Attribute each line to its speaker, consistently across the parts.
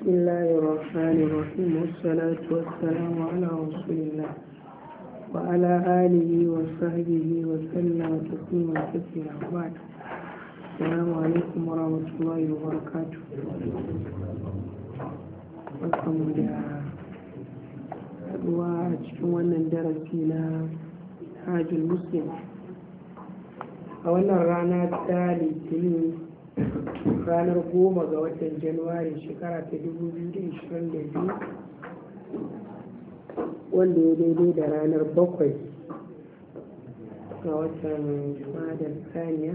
Speaker 1: بسم الله الرحمن الرحيم والصلاة والسلام على رسول الله وعلى آله وصحبه وسلم تسليما كثيرا بعد السلام عليكم ورحمة الله وبركاته barkanmu da haɗuwa a cikin wannan darasi na hajjul muslim a wannan rana ta litinin ranar goma ga watan januwari shekara ta 2022 wanda ya daidai da ranar bakwai ga watan madar saniya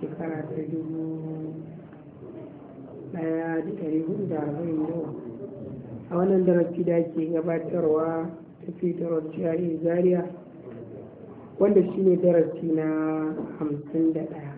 Speaker 1: shekara ta dubu daya da dari hudu da arba'in a wannan darasi da ke gabatarwa ta fitarwar jihar zaria wanda shine darasi na hamsin da daya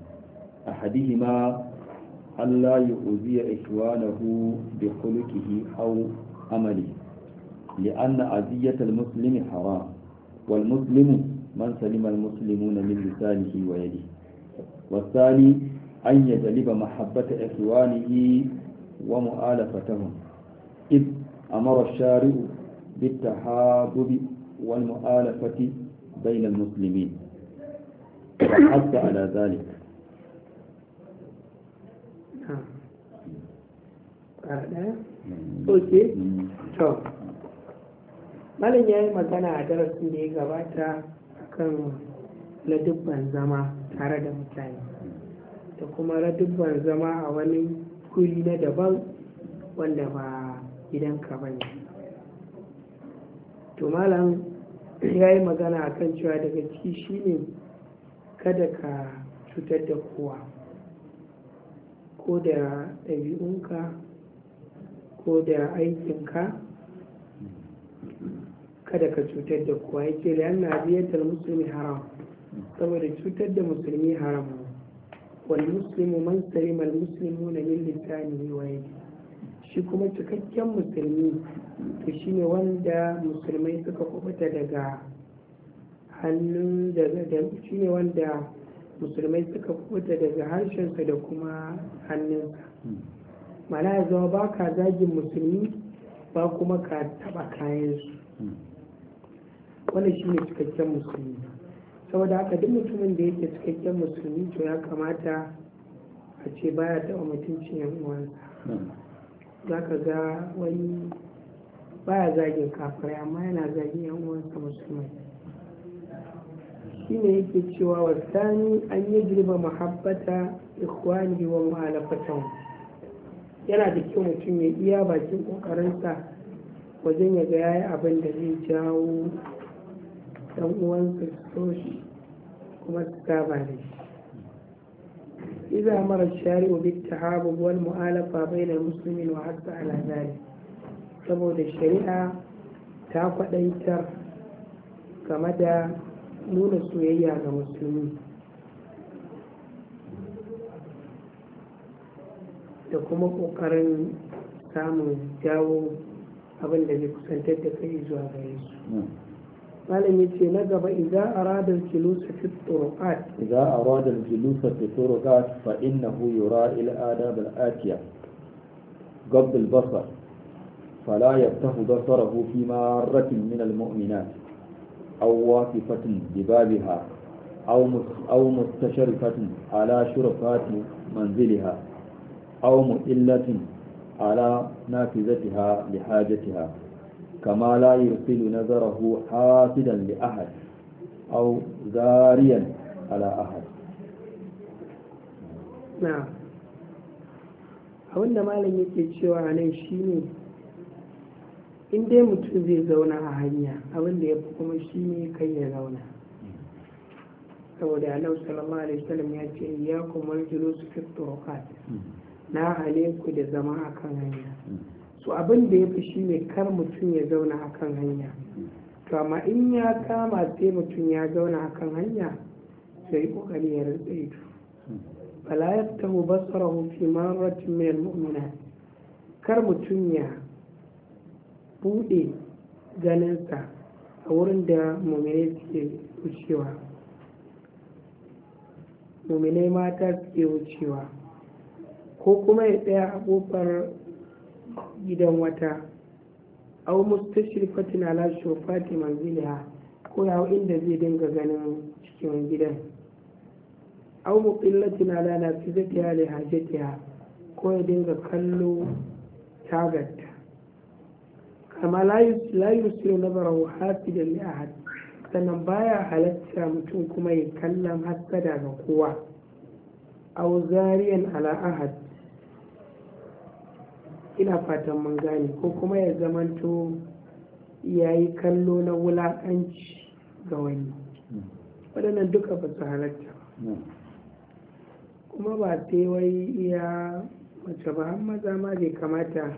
Speaker 2: أحدهما ألا يؤذي إخوانه بخلقه أو عمله لأن أذية المسلم حرام والمسلم من سلم المسلمون من لسانه ويده والثاني أن يجلب محبة إخوانه ومؤالفتهم إذ أمر الشارع بالتحابب والمؤالفة بين المسلمين وحتى على ذلك
Speaker 1: ɗaya? malin ya yi magana a darasin da ya gabata kan ladubban zama tare da mutane da kuma ladubban zama a wani kuri na daban wanda ba gidanka ba ne to malam ya yi magana a kan cewa daga ciki shine kada ka cutar da kowa ko da ɗabi'unka ko da aikinka kada ka cutar da kowa ya ce da yana biyatar musulmi haram saboda cutar da musulmi haram Wani muslimu man salima al muslimu na min lisanihi wa shi kuma cikakken musulmi to shi ne wanda musulmai suka kubuta daga hannun daga shi ne wanda musulmai suka fita daga harshensa da kuma hannunsa mana ya zama ba ka zagin musulmi ba kuma ka taba kayansu wannan shi ne cikakken musulmi saboda haka duk mutumin da yake cikakken musulmi to ya kamata a ce baya taba mutuncin yan uwansa za ka ga wani baya zagin kafirai amma yana zagin yan uwansa musulmai shine yake cewa wa sani an yi jirba mahabbata ikhwani wa mu'alafatan yana da kyau mutum ya iya bakin kokarinsa wajen ya ga yayi abin da zai jawo dan uwansa so shi kuma su saba da shi idza mara wa bit tahabub wal mu'alafa bainal muslimin wa hatta ala zalik saboda shari'a ta kwadaitar game da nuna soyayya ga musulmi da kuma ƙoƙarin samun jawo abin da zai kusantar da kai zuwa gare su malam ya ce na gaba idan arada julusa fi turuqat
Speaker 2: idan arada julusa fi turuqat fa innahu yura il adab al atiya غض البصر فلا يفتح بصره في مارة من المؤمنات aw fatin dibabiha, babiha aw aw mustasharifatun ala shurafati manziliha aw mu'illatin ala nafizatiha li hajatiha kama la yursilu nazarahu hasidan li ahad aw zariyan ala ahad
Speaker 1: na'am abinda malam yake cewa nan shine in dai mutum zai zauna a hanya abin da ya fi kuma shi ne kai ya zauna saboda annabi sallallahu alaihi wasallam ya ce ya kuma jiro su na hale ku da zama akan hanya so abin da ya fi shi ne kar mutum ya zauna akan hanya to amma in ya kama sai mutum ya zauna akan hanya sai kokari ya rantsa ido fala yaftahu basarahu fi marratin min al kar mutum ya buɗe ganinsa a wurin da mummine suke wucewa mummine mata suke wucewa ko kuma ya tsaya a ƙofar gidan wata au fatina la shofati manziliha ko ya inda zai dinga ganin cikin gidan au muqillatin ala nafizatiha li hajatiha ko ya dinga kallo tagarta amma la yusiru nazarahu hasidan li ahad sannan baya halatta mutum kuma ya kallon hassada ga kowa aw zariyan ala ahad ina fatan mun gane ko kuma ya zamanto ya yi kallo na wulaƙanci ga wani waɗannan duka ba su halatta kuma ba sai wai iya mace ba maza ma bai kamata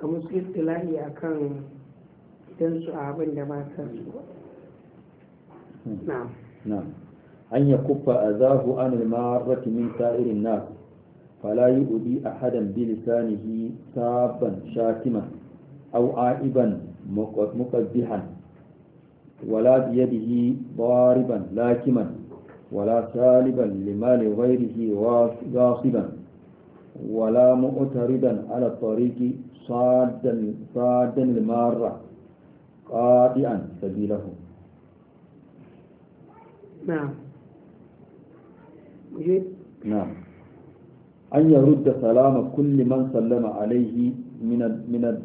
Speaker 1: kamar su tilani a kan su abin da ba ta su
Speaker 2: na an yi kufa a zahu an ilmarati min sa'irin na fala yi ubi a hadan bi lisanihi sabon shatima au a'iban muqaddihan wala biyadihi bariban lakiman wala saliban limali ghairihi wasiban wala mu'tariban ala tariqi صادا صادا المارة قادئا سبيله
Speaker 1: نعم مجيب
Speaker 2: نعم أن يرد سلام كل من سلم عليه من ال من ال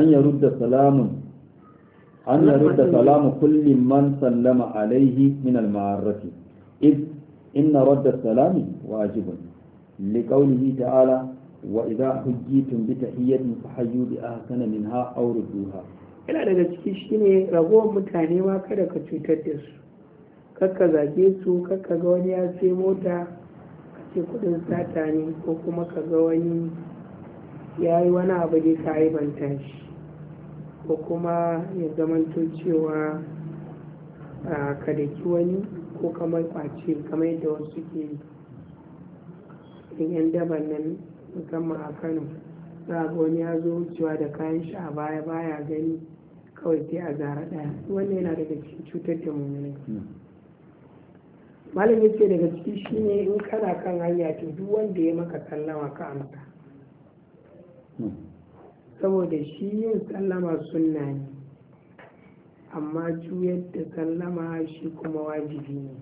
Speaker 2: أن يرد سلام أن يرد سلام كل من سلم عليه من المعرة إذ إن رد السلام واجب لقوله تعالى وإذا حجيتم بتحية فحيوا بأحسن minha أو ردوها
Speaker 1: yana daga ciki shine ragowar mutane ma kada ka cutar da su kakka zage su kakka ga wani ya sai mota ka ce kudin sata ne ko kuma ka ga wani ya yi wani abu da ka aibanta shi ko kuma ya zamanto cewa ka daki wani ko kamar kwace kamar yadda wasu ke yi in yan daban nan musamman a kano za ga wani ya zo wucewa da kayan shi a baya baya gani kawai sai a zara ɗaya wannan yana daga cikin cutar da mummuni malam ya ce daga ciki ne in kana kan hanya to duk wanda ya maka sallama ka amsa saboda shi yin sallama sunna ne amma juyar da sallama shi kuma wajibi ne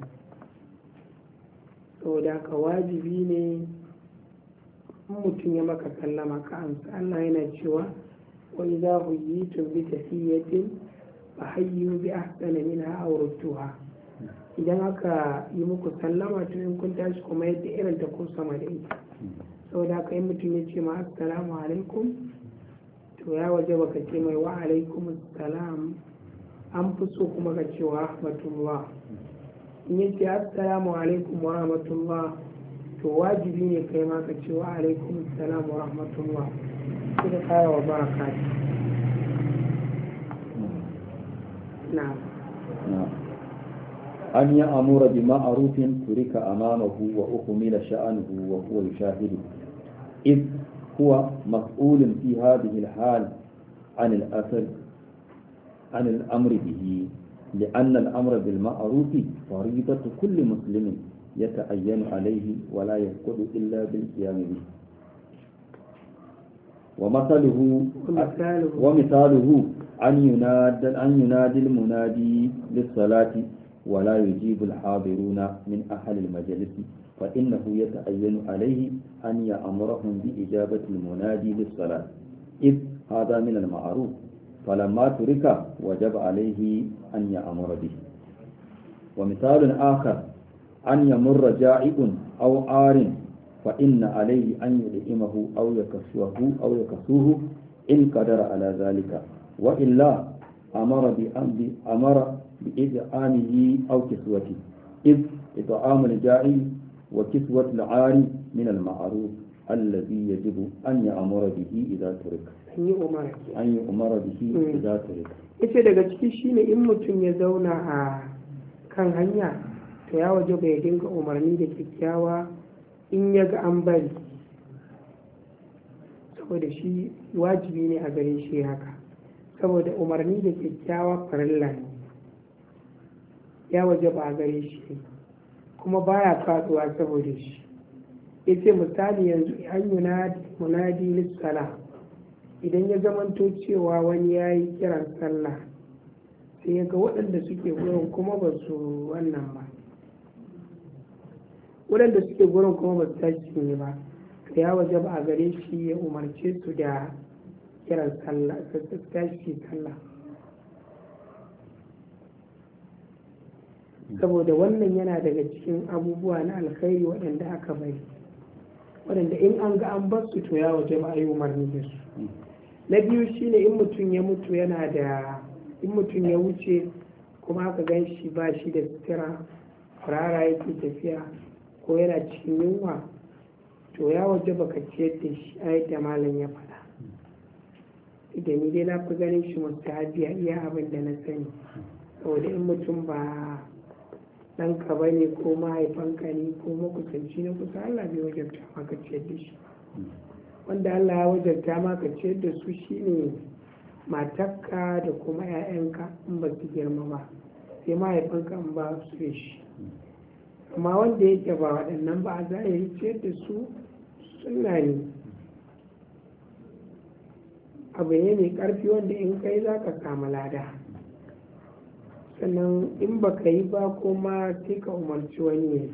Speaker 1: saboda ka wajibi ne in mutum ya maka sallama ka amsa Allah yana cewa wa idza huyitum bi tahiyyatin fa hayyu bi ahsani minha aw rudduha idan aka yi muku sallama to in kun tashi kuma yadda irin ta ko sama da ita saboda haka in mutum ya ce ma assalamu alaikum to ya waje baka ce mai wa alaikum assalam an fi so kuma ka ce wa rahmatullah in ya ce assalamu alaikum wa rahmatullah تواجبيني كما تشوى عليكم السلام ورحمة الله كل خير وبركاته نعم
Speaker 2: نعم أن يأمر بمعروف ترك أمامه وأكمل شأنه وهو يشاهده إذ هو مسؤول في هذه الحال عن الأثر عن الأمر به لأن الأمر بالمعروف فريضة كل مسلم يتعين عليه ولا يفقد إلا بالقيام به ومثله ومثاله, ومثاله أن ينادي أن ينادي المنادي للصلاة ولا يجيب الحاضرون من أهل المجلس فإنه يتعين عليه أن يأمرهم بإجابة المنادي للصلاة إذ هذا من المعروف فلما ترك وجب عليه أن يأمر به ومثال آخر an yamurra ja'i'un aw arin fa inna alayhi an yud'imahu aw yakasuhu aw yakasuhu in qadara ala zalika wa illa amara bi amri amara bi id'amihi aw kiswati id it'amu al-ja'i wa kiswat al-ari min al-ma'ruf الذي يجب أن يأمر به إذا ترك an يأمر bihi idha ترك
Speaker 1: mm. ita daga ciki shine in mutum ya zauna a kan hanya to ya waje bai dinga umarni da kyakkyawa in ya ga an bari saboda shi wajibi ne a gare shi haka saboda umarni da kyakkyawa farilla ne ya waje ba a gare shi kuma baya faduwa saboda shi ya ce misali yanzu an munadi sala idan ya zamanto cewa wani ya yi kiran sallah sai ya ga waɗanda suke wurin kuma ba su wannan ba waɗanda suke gurin kuma ba su tashi sun yi ba ka ya waje ba a gare shi ya umarce su da kiran sallah su tashi sallah saboda wannan yana daga cikin abubuwa na alkhairi waɗanda aka bari waɗanda in an ga an bar to ya waje ba a yi umarni da su na biyu shine in mutum ya mutu yana da in mutum ya wuce kuma aka gan shi ba shi da sutura furara yake tafiya ko yana cikin yunwa to ya waje baka ciyar da shi a yadda malam ya faɗa idan ni dai na fi ganin shi mustahabi a iya abin da na sani saboda in mutum ba ɗanka ba ne ko mahaifanka ne ko makusanci na kusa Allah bai ta maka ciyar da shi wanda Allah ya ta maka ciyar da su shi ne matarka da kuma 'ya'yanka in ba su girma ba sai mahaifanka in ba su da shi amma wanda yake ba waɗannan ba za a yi ce da su suna ne abu ne mai ƙarfi wanda in kai za ka samu lada sannan in ba ka yi ba kuma sai ka umarci wani ne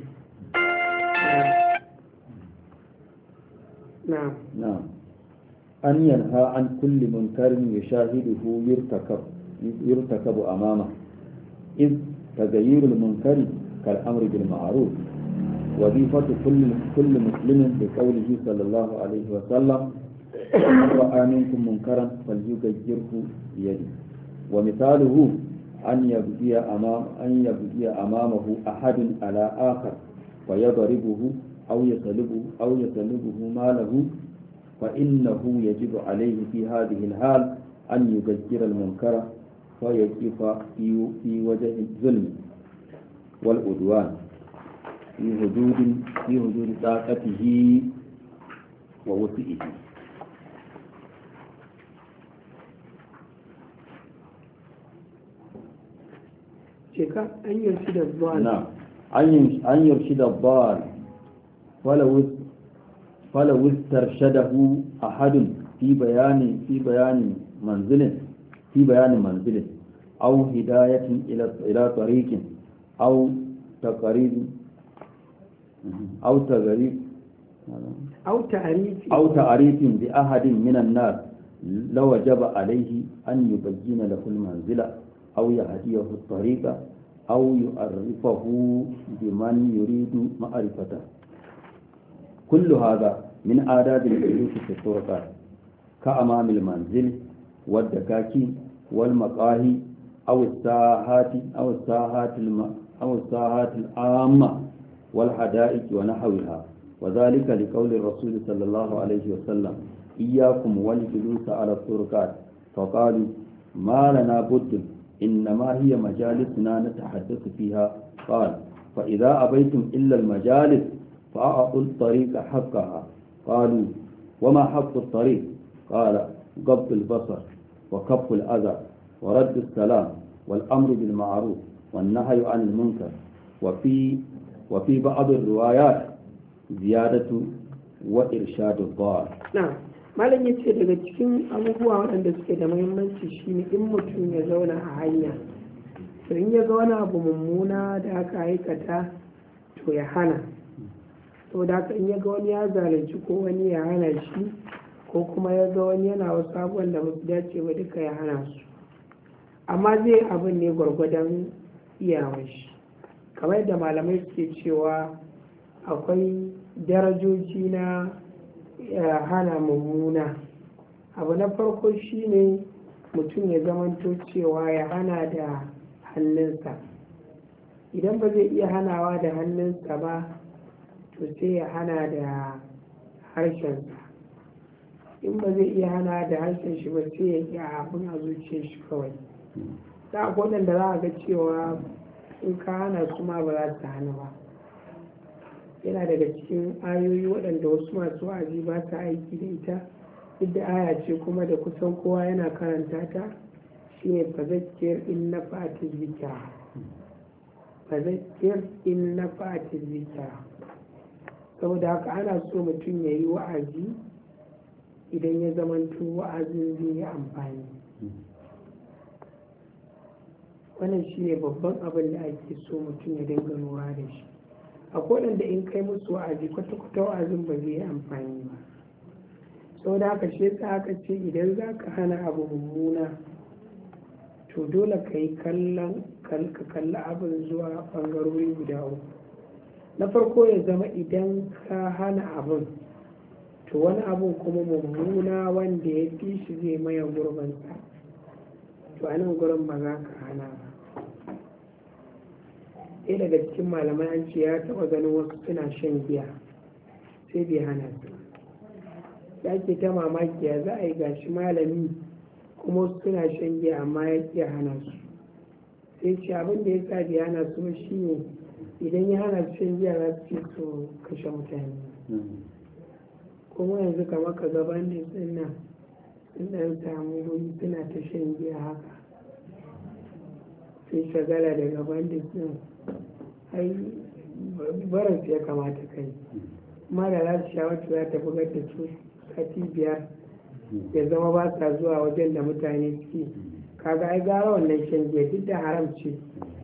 Speaker 2: na an yanha an kulli munkarin ya shahiduhu yurtakabu amama iz tagayyurul munkarin. كالأمر بالمعروف وظيفة كل كل مسلم بقوله صلى الله عليه وسلم من رأى منكم منكرا فليغيره بيده ومثاله أن يبكي أمام أن يبكي أمامه أحد على آخر ويضربه أو يطلبه أو يطلبه ماله فإنه يجب عليه في هذه الحال أن يغير المنكر ويقف في وجه الظلم wal udwan fi hududin fi hududi taqatihi wa wusi'ihi
Speaker 1: sheka an yarshi da bal na
Speaker 2: an yarshi da bal manzilin ila au taqaridu au tagarib
Speaker 1: au ta'arifi au
Speaker 2: ta'arifin bi ahadin minan nas lawajaba alayhi an yubayyana lahu al-manzila aw yahdiyahu at-tariqa aw yu'arrifahu biman kullu hadha min adadin al-julus fi turqat ka amam al-manzil wad-dakaki wal-maqahi aw as-sahati aw as-sahati al manzil wad dakaki wal maqahi aw as sahati aw أو الساعات العامة والحدائق ونحوها وذلك لقول الرسول صلى الله عليه وسلم إياكم والجلوس على الطرقات فقالوا ما لنا بد إنما هي مجالسنا نتحدث فيها قال فإذا أبيتم إلا المجالس فأعطوا الطريق حقها قالوا وما حق الطريق قال غض البصر وكف الأذى ورد السلام والأمر بالمعروف والنهي عن المنكر وفي وفي بعض الروايات زيادة وإرشاد الضال
Speaker 1: malam ya ce daga cikin abubuwa waɗanda suke da muhimmanci shine in mutum ya zauna a hanya to in ya ga wani abu mummuna da aka aikata to ya hana to da haka in ga wani ya zalunci ko wani ya hana shi ko kuma ya ga wani yana wasu abubuwan da ba su dace ba duka ya hana su amma zai abin ne gwargwadon iyawar shi kamar yadda malamai suke cewa akwai darajoji na hana mummuna abu na farko shine mutum ya zamanto cewa ya hana da hannunsa idan ba zai iya hanawa da hannunsa ba to sai ya hana da harshensa in ba zai iya hana da harshen shi ba sai ya iya abin a zuciyar shi kawai da akwai da za a ga cewa in ka hana kuma ba za su hana ba yana daga cikin ayoyi waɗanda wasu masu wa'azi ba ta aiki da ita duk da aya ce kuma da kusan kowa yana karanta ta shine fazakir in na fati zikira fazakir in na fati zikira saboda haka ana so mutum ya yi wa'azi idan ya zamanto wa'azin zai yi amfani wannan shi ne babban abin da ake so mutum ya dinga lura da shi a da in kai musu wa'azi kwata-kwata wa'azin ba zai amfani ba sau da haka shi yasa aka ce idan za ka hana abu mummuna to dole ka yi kallon ka kalla abin zuwa bangarori guda uku na farko ya zama idan ka hana abin to wani abin kuma mummuna wanda ya fi shi zai maye gurbinsa to a nan gurin ba za ka hana ba ɗaya daga cikin malamai an ce ya taɓa ganin wasu suna shan giya sai bai hana su ya ke ta mamaki ya za a yi gashi malami kuma wasu suna shan giya amma ya ke hana su sai ce abin da ya sa bai hana su shi ne idan ya hana su shan giya za su ce su kashe mutane kuma yanzu kamar ka gaban sun suna sun samu wuri suna ta shan giya haka sai shagala daga bandit din ai barin ya kamata kai amma da za su sha za ta bugar da su biyar ya zama ba sa zuwa wajen da mutane suke kaga ai gara wannan shan giya duk da haram ce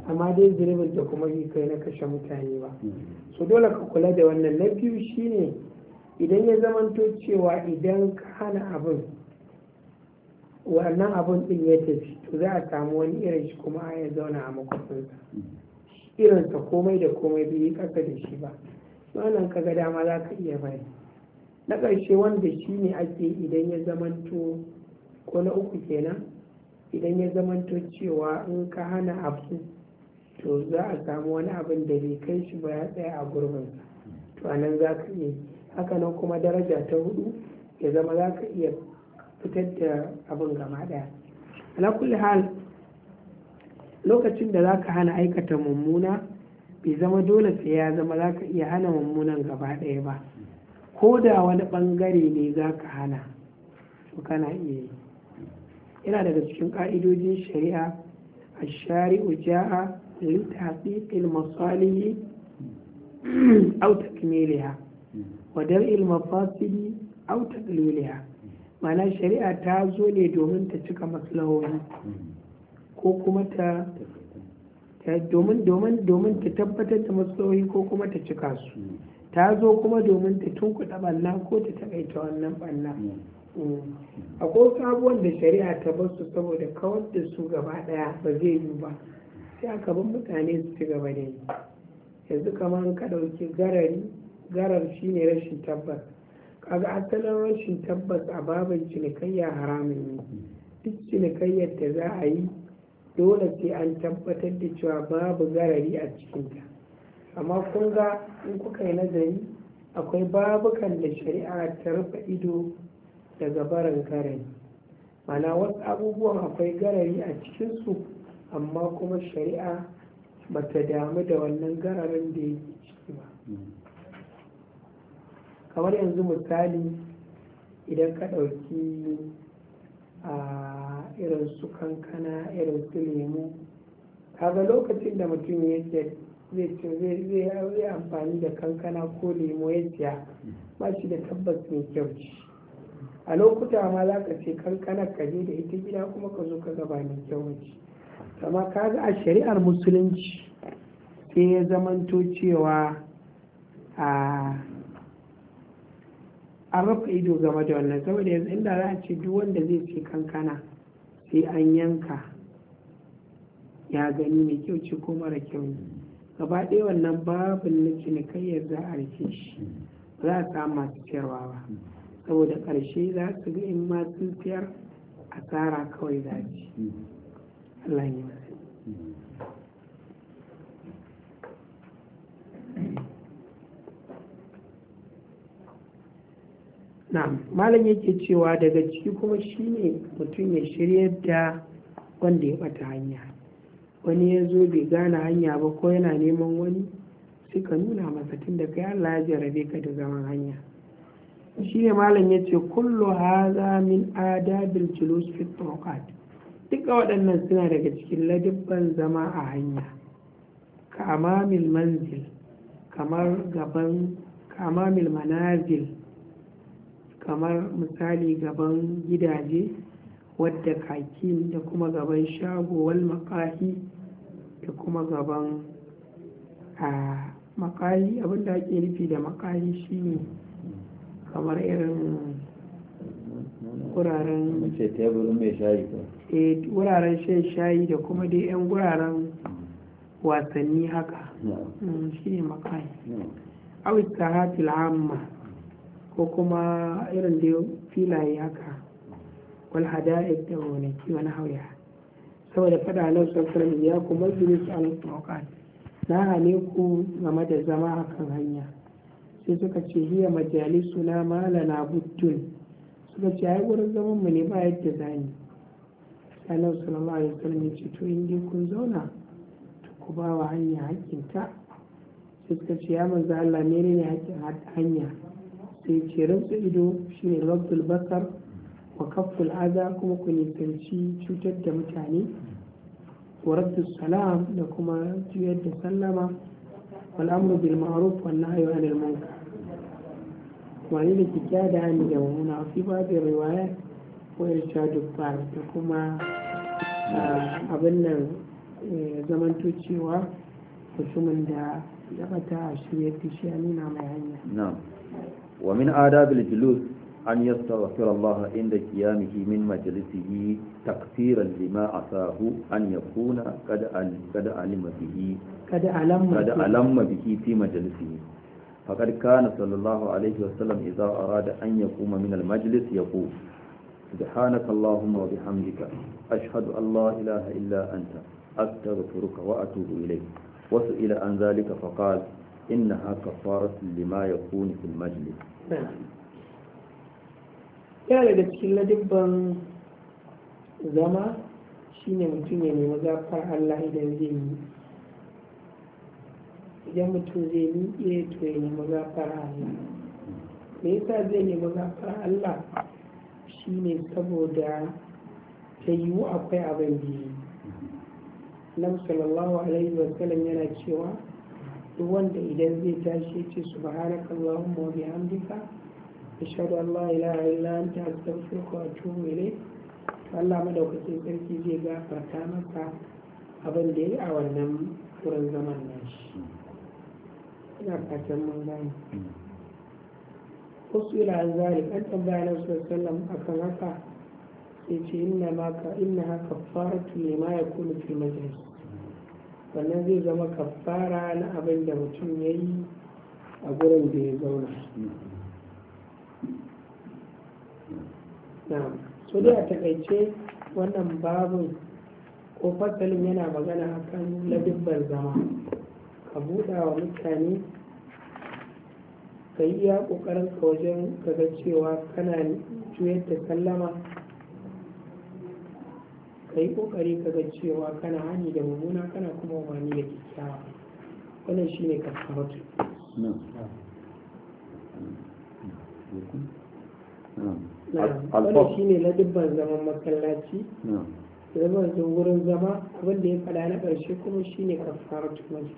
Speaker 1: amma dai zunubin da kuma yi kai na kashe mutane ba so dole ka kula da wannan na biyu shine idan ya zamanto cewa idan ka hana abin wannan abin din ya tafi to za a samu wani irin shi kuma ya zauna a makwabcinsa irinsa komai da komai bai yi da shi ba wannan kaga dama za ka iya bai na ƙarshe wanda shi ne ake idan ya zamanto ko na uku kenan idan ya zamanto cewa in ka hana abu to za a samu wani abin da bai kai shi ba ya tsaya a gurbin to a nan za ka iya haka nan kuma daraja ta hudu ya zama za ka iya fitar da abin gama ɗaya ala kulli hal lokacin da za ka hana aikata mummuna bai zama dole sai ya zama zaka iya hana mummunan gaba ɗaya ba ko da wani ɓangare ne zaka hana to kana iya yi yana daga cikin ƙa'idojin shari'a a shari'u ja'a لتحقيق المصالح wadar ilma ودرء المفاسد أو تقليلها shari'a ta zo ne domin ta cika maslahohi ko kuma ta domin domin domin ta tabbatar da matsaloli ko kuma ta cika su ta zo kuma domin ta tunkuɗa banna ko ta takaita wannan banna? Mm. akwai sabuwar da shari'a ta bar su saboda kawar da su gaba ɗaya ba zai yi ba sai aka bin mutane su ci gaba da yi yanzu kamar ka dauki garari garar shine rashin tabbas kaga asalin rashin tabbas a babin cinikayya haramun ne duk cinikayyar da za a yi dole sai an tabbatar da cewa babu garari a cikinta amma kun ga in kuka yi nazari akwai babukan da shari'a ta rufe ido daga barin garari mana wasu abubuwan akwai garari a cikinsu amma kuma shari'a ba ta damu da wannan gararin da yake ciki ba kamar yanzu misali idan ka ɗauki irin su kankana irin su lemu kaga lokacin da mutum yake zai amfani da kankana ko lemu ya siya ba shi da tabbas mai kyau ce a lokuta ma za ka ce kankana ka je da ita gida kuma ka zo ka gaba mai kyau ce amma kaga a shari'ar musulunci sai ya zamanto cewa a an rufe ido game da wannan saboda yanzu inda za a ce duk wanda zai ce kankana sai an yanka ya gani mai kyau ce ko mara kyau ne gaba ɗaya wannan babin na cinikayyar za a rike shi za a samu masu siyarwa ba saboda ƙarshe za su ga in masu sun siyar asara kawai za ci mm. Allah ya malam yake cewa daga ciki kuma shine mutum ya shirya da wanda ya bata hanya wani ya zo bai gane hanya ba ko yana neman wani sai ka nuna masa tun da kai Allah ya ka da zaman hanya shine malam ya ce kullu haza min adabil julus fi duka waɗannan suna daga cikin ladibban zama a hanya kama mil manzil kamar gaban kama mil manazil kamar misali gaban gidaje wadda kakin da kuma gaban shagowar makahi da kuma gaban a makahi abinda ake nufi da makahi shine kamar irin
Speaker 2: wuraren
Speaker 1: eh, wuraren shan shayi da kuma dai 'yan wuraren wasanni haka mm, shine makahi awita hatil amma ko kuma irin da filaye haka wal hada'id da gonaki wani hauya saboda fada nan sassan ya kuma zuri su alif na hane ku game da zama a kan hanya sai suka ce hiya majalisu na malana buddun suka ce ai wurin zaman mu ne ba yadda zani annabi sallallahu alaihi wasallam ya ce to in kun zauna to ku ba wa hanya hakkinta sai suka ce ya manzo Allah menene hakkin hanya sai ce rantsa ido shine rabdul basar wa kafful aza kuma ku nisanci cutar da mutane wa salam da kuma juyar da sallama wal amru bil ma'ruf wan nahyu anil munkar wani da kya da hannu da mummuna fi babin riwaya ko dubba da kuma abin nan e, cewa mutumin da ya bata a shirya fi shi a nuna mai hanya
Speaker 2: wa min adabil julus an yastaghfir Allah inda qiyamihi min majlisihi taqsiran lima asahu an yakuna qad an qad alima bihi alama qad alama bihi fi majlisihi faqad sallallahu alayhi wa sallam idha arada an yaquma min al majlis yaqul subhanaka allahumma wa bihamdika ashhadu an la ilaha illa anta astaghfiruka wa atubu ilayk wa su'ila an dhalika faqala إنها كفارة لما يكون في المجلس
Speaker 1: yana zama shine mutum ya nemi gafar Allah idan zai yi idan mutum zai miƙe to ya nemi gafar Allah me yasa zai nemi gafar Allah shine saboda ta yiwu akwai abin biyu yi nan sallallahu alaihi wasallam yana cewa duk wanda idan zai tashi ya ce subhanaka allahumma wa bihamdika ashhadu an la ilaha illa anta astaghfiruka wa atubu ilayk Allah madaukakin sarki zai gafarta masa abin da ya yi a wannan wurin zaman nashi ina fatan mun gani wasu ila an zalik an tambaya na su sallam akan haka sai ce inna haka fara haka ma ya kunu fil majalis wannan zai zama kafara na abin da mutum ya yi a gurin da ya zauna na su dai a takaice wannan babin ko fasalin yana magana akan ladibbar zama ka buɗa wa mutane ka yi ya ƙoƙarin ka wajen kaga cewa kana juyar da sallama ka yi kokari ka ga cewa kana hani da mummuna kana kuma wani da kyakkyawa wannan shi ne kasamatu
Speaker 3: wannan shi
Speaker 1: ne na dubban zaman masallaci zaman wurin zama wanda ya faɗa na ƙarshe kuma shi ne kasamatu wani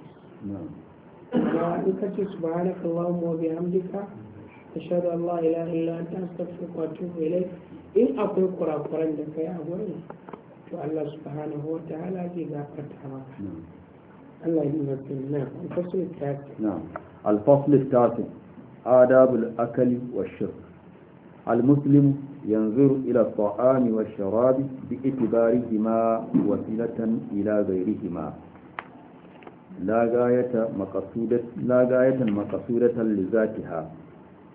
Speaker 1: ba in ka ce subhanaka allahumma wa bihamdika ashhadu an la ilaha illa ta astaghfiruka kwato mai ilaik in akwai kurakuran da kai a gurin to Allah subhanahu wa ta'ala zai gafarta maka Allah yi na alfasul
Speaker 2: tasi na alfasul adabul akali wa shirk المسلم ينظر إلى الطعام والشراب باعتبارهما وسيلة إلى غيرهما لا غاية مقصودة, لا غاية مقصودة لذاتها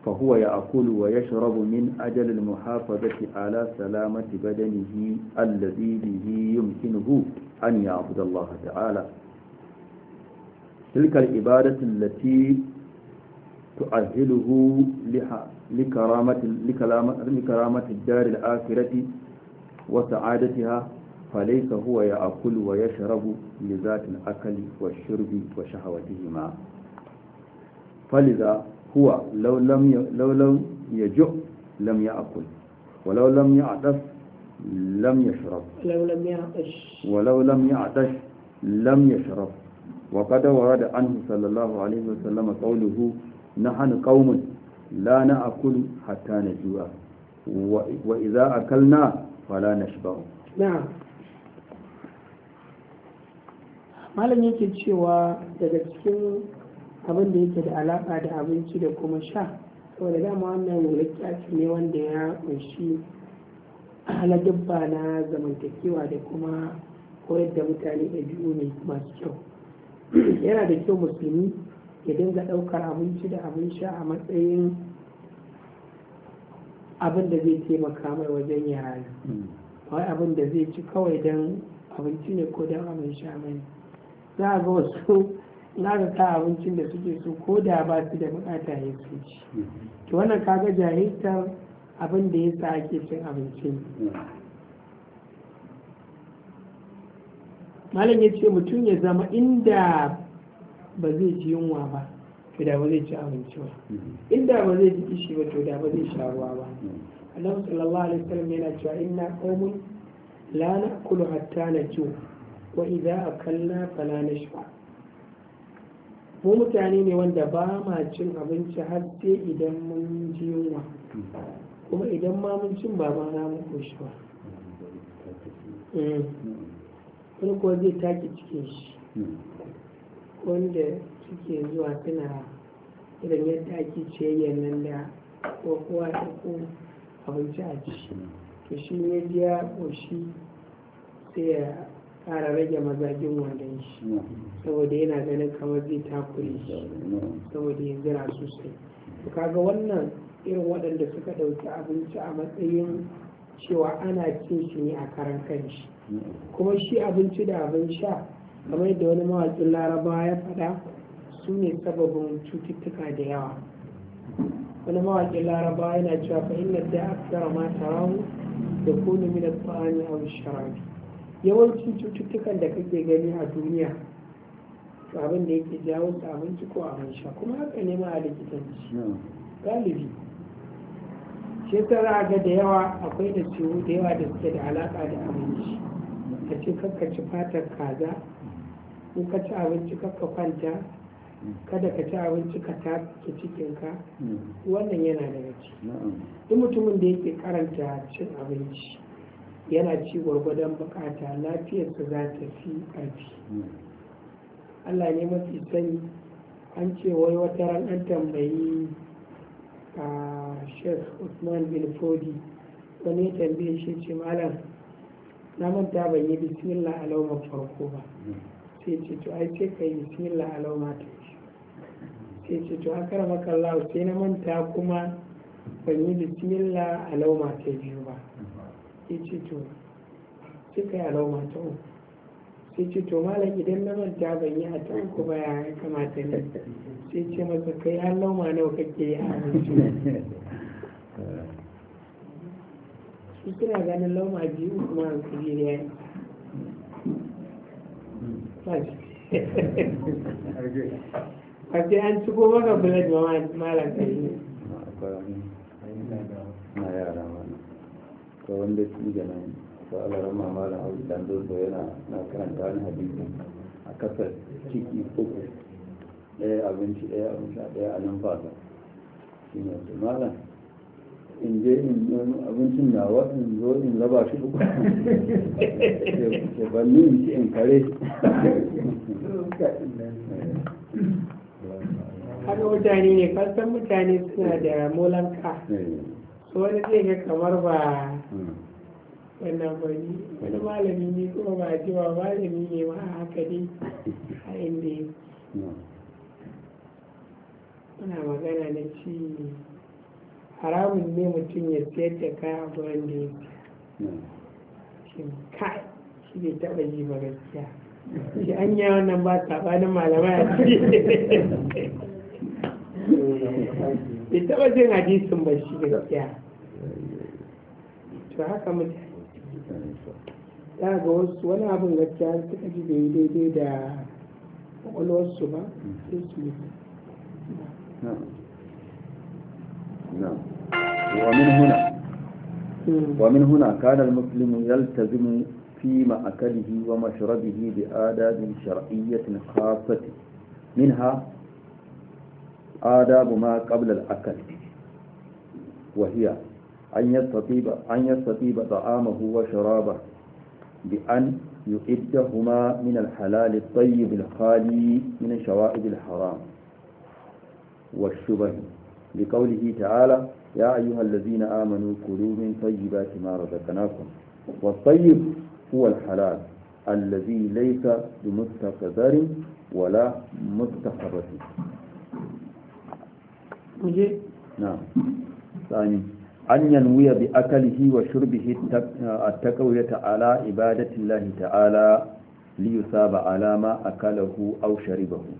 Speaker 2: فهو يأكل ويشرب من أجل المحافظة على سلامة بدنه الذي به يمكنه أن يعبد الله تعالى تلك العبادة التي تؤهله لكرامة, الدار الآخرة وسعادتها فليس هو يأكل ويشرب لذات الأكل والشرب وشهوتهما فلذا huwa laulam ya jo lam ya akul walau lam ya adas lam ya shirab walau lam ya adas lam ya shirab وقد ورد عنه صلى الله عليه وسلم قوله نحن قوم لا نأكل حتى نجوع وإذا أكلنا فلا نشبع
Speaker 1: نعم malam yake cewa daga cikin abin da yake da alaƙa da abinci da kuma sha saboda dama wannan wulaƙi ne wanda ya kunshi halagabba na zamantakewa da kuma koyar da mutane biyu ne masu kyau yana da kyau musulmi ya dinga ɗaukar abinci da abin sha a matsayin abin da zai taimaka mai wajen yara wai abin da zai ci kawai don abinci ne ko don abin sha mai za a ga wasu na ka ta abincin da suke so ko da ba su da bukata ya su ci to wannan kaga jahiltar abin da ya sa ake cin abincin malam ya ce mutum ya zama inda ba zai ci yunwa ba to da ba zai ci abinci ba inda ba zai ji kishi ba to da ba zai sha ruwa ba annabi sallallahu alaihi wasallam yana cewa inna qaumun la na'kulu hatta naju wa idza akalna fala nashba mu mutane ne wanda ba ma cin abinci har sai idan mun ji yunwa kuma idan ma mun cin ba ma na muku shi ba eh. wani kuwa zai taƙi cikin shi wanda suke zuwa suna irin yadda ake ce nan da ko kuwa ya ko abinci a ci to shi ne ya koshi sai ya ƙara rage mazaƙin wandon shi saboda yana ganin kamar zai takure shi saboda ya jira sosai to kaga wannan irin waɗanda suka ɗauki abinci a matsayin cewa ana cin shi ne a karan shi kuma shi abinci da abin sha kamar yadda wani mawaƙin larabawa ya faɗa su ne sababin cututtuka da yawa wani mawaƙin larabawa yana cewa fa da da aksara mata rahu da kunu min at a sharabi yawancin cututtukan da kake gani a duniya abin da yake jawo samun abinci ko abin kuma haka ne ma a likitanci galibi ce ta ga da yawa akwai da ciwo da yawa da suke da alaka da abinci a ce kakka ci fatar kaza in ka ci abinci kakka kwanta kada ka ci abinci ka take cikinka mm. wannan yana daga ciki duk mutumin da yake karanta cin abinci yana ci gwargwadon bukata lafiyarsa za ta fi ƙarfi allah ne mafi sani an ce wai wata ran an tambayi a sheikh usman bin fodi wani ya tambaye shi ce malam na manta ban yi bismillah a farko ba sai ce to ai ce ka yi bismillah a lauma ta sai ce to an kara makalla sai na manta kuma ban yi bismillah a ta biyu sai ce to sai ka yalau matan sai ce to malam idan na manta ban yi a hatan ku ba ya kamata ne sai ce masa kai har lauma nawa kake yi a abinci su suna ganin lauma biyu kuma kuri ne ya yi a sai an ci goma ga ma malam kai ne
Speaker 2: akwai wanda ci da nan ta alarar mamala a wajen zozo yana na karanta wani hadisi a kasar ciki uku ɗaya abinci ɗaya abinci ɗaya a nan fata shi ne su malam in je in nemi abincin nawa in zo in raba shi uku da banni in ci in kare
Speaker 1: haka mutane ne kasan mutane suna da molanka eh. wani zai ga kamar ba hmm. wannan bari wani malami ne kuma ba cewa malami ne ma a haka dai a inda hmm. muna magana na ci haramun ne mutum ya siyar da kaya a wurin da ya hmm. shi kai shi bai taɓa yi ba gaskiya shi an yi wannan ba saɓanin malamai a ciki bai taba jin hadisin ba shi gaskiya to haka mutane za ga wasu wani abin gaskiya suka ji bai daidai da kwakwalwarsu ba sai su yi
Speaker 2: ومن هنا ومن هنا كان المسلم يلتزم في مأكله ومشربه بآداب شرعية خاصة منها آداب ما قبل الأكل وهي أن يستطيب, أن يستطيب طعامه وشرابه بأن يؤدهما من الحلال الطيب الخالي من شوائب الحرام والشبه لقوله تعالى يا أيها الذين آمنوا كلوا من طيبات ما رزقناكم والطيب هو الحلال الذي ليس بمستقذر ولا مستقبة muje na sani an yanwiya bi akalihi wa shurbihi at-takawiyata ala ibadatillahi ta'ala li yusaba ala ma akalahu aw sharibahu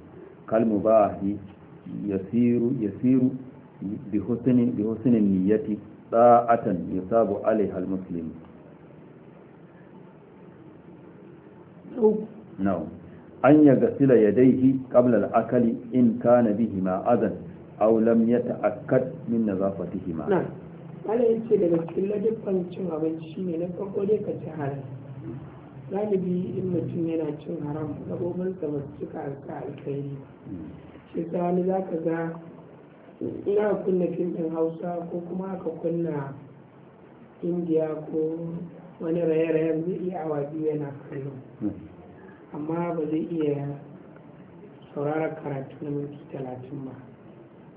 Speaker 2: a mubahi yasiru yasiru bi husni bi husni niyyati sa'atan yusabu alaiha al-muslim no an yagasila yadayhi qabla al-akali in kana bihi ma adan aulam lam yata'akkad min nazafatihima na
Speaker 1: Allah ya ce daga cikin ladabban cin abinci shine na farko dai ka ci haram galibi in mutum yana cin haram gabobinsa ba su cika alka alkhairi shi ta wani za ka ga ina kunna fim ɗin hausa ko kuma aka kunna indiya ko wani raye-rayen zai iya awa biyu yana kallo amma ba zai iya sauraron karatu na minti talatin ba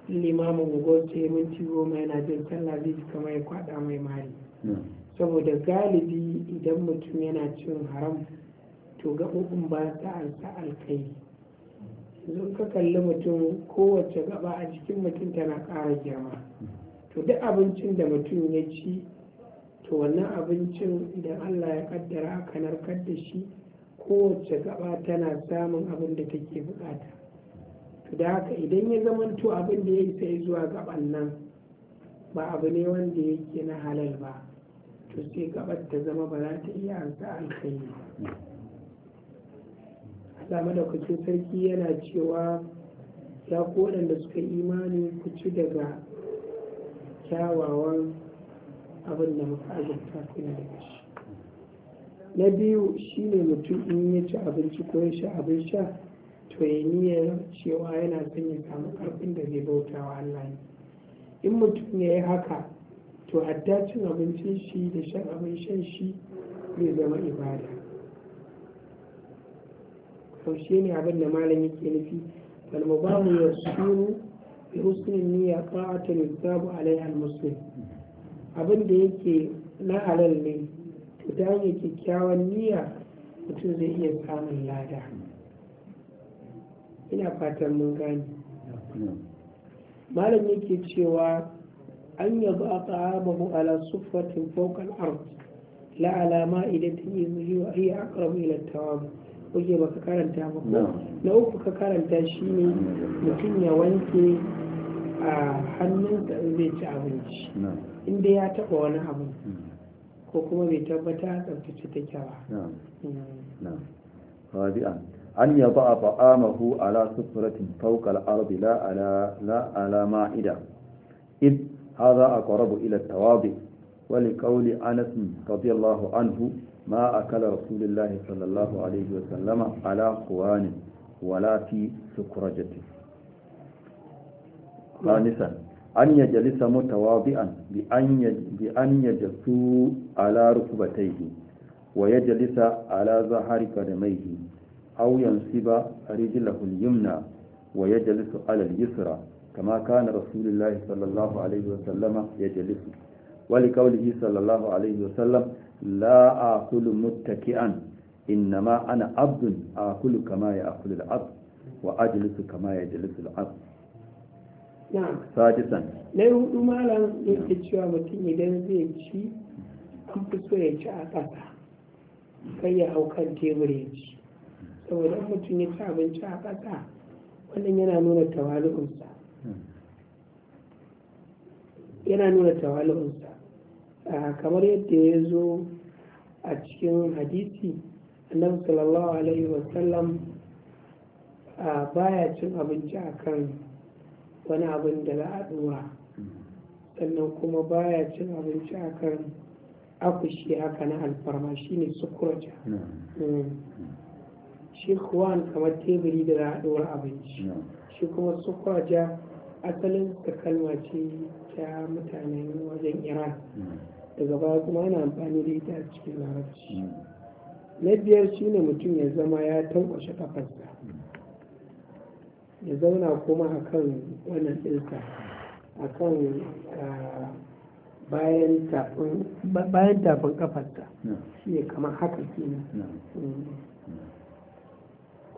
Speaker 1: limamin goce minti goma yana jin sallah zai ji kamar ya kwada mai mari hmm. saboda galibi idan mutum yana cin haram to gaɓoɓin ba ta ansa alkai yanzu ka kalli mutum kowace gaba a cikin mutum tana ƙara girma to duk abincin da mutum ya ci to wannan abincin idan allah ya kaddara aka narkar da shi kowace gaba tana samun abin da take bukata da haka idan ya zamanto abin da ya yi sai zuwa gaban nan ba abu ne wanda yake na halal ba to sai gabar ta zama ba za ta iya ansa alkhairi da madaukakin sarki yana cewa ya ku waɗanda suka imani ku ci daga kyawawan abin da muka azurta ku na daga shi na biyu shine mutum in ya ci abinci ko ya sha abin sha to ya niyyar cewa yana son ya samu ƙarfin da zai bauta wa Allah in mutum ya yi haka to a cin abincin shi da shan abin shan shi zai zama ibada shi ne abin da malam yake nufi falmubahu ya suru bi husnin niyya ta'ata yusabu alaiha almuslim abin da yake na halal ne to ta hanyar kyakkyawan niyya mutum zai iya samun lada ina fatan mun gani hmm. malam yake cewa an yaba a ta'amahu ala suffatin fokal ard la ta yi yuhi wa yi aqrabu ila tawab ba ka karanta ba na uku ka karanta shi ne mutum ya wanke a hannunsa in zai ci abinci inda ya taba wani abu hmm. ko kuma bai tabbata tsaftace take ba na'am
Speaker 2: hmm. an ya ba a ba'amahu ala sufuratin faukal arbi la ala ma'ida iz za a ƙwarabu ila tawabi wani kauli anasin radiyallahu anhu ma a kala rasulullahi sallallahu alaihi wasallama ala kuwanin wala fi sukurajati ranisan an ya jalisa mutawabi'an bi an ya jasu ala rukubataihi wa ya jalisa ala zahari kadamaihi أو ينصب رجله اليمنى ويجلس على اليسرى كما كان رسول الله صلى الله عليه وسلم يجلس ولقوله صلى الله عليه وسلم لا آكل متكئا إنما أنا عبد آكل كما يأكل العبد وأجلس كما يجلس العبد sadisan
Speaker 1: na hudu malam yake cewa mutum idan zai ci an fi so ya ci a ƙasa kai ya hau kan tebur ya ci saboda mutum ya ci abinci a ƙasa wannan yana nuna tawali'unsa yana nuna tawali'unsa ah, kamar yadda ya zo a cikin hadisi annabi sallallahu alaihi wasallam ah, baya cin abinci a kan wani abin da za a dora sannan kuma baya cin abinci a kan akushi haka na alfarma shine sukuraja shi kuwan kamar teburi da za abinci shi kuma su kwaja asalin ta kalma ce ta mutanen wajen iran daga baya kuma ana amfani da ita cikin larabci na biyar ne mutum ya zama ya tankwashe kafarsa ya zauna kuma a kan wannan ɗinsa a kan bayan tafin kafarsa shi ne kamar haka kenan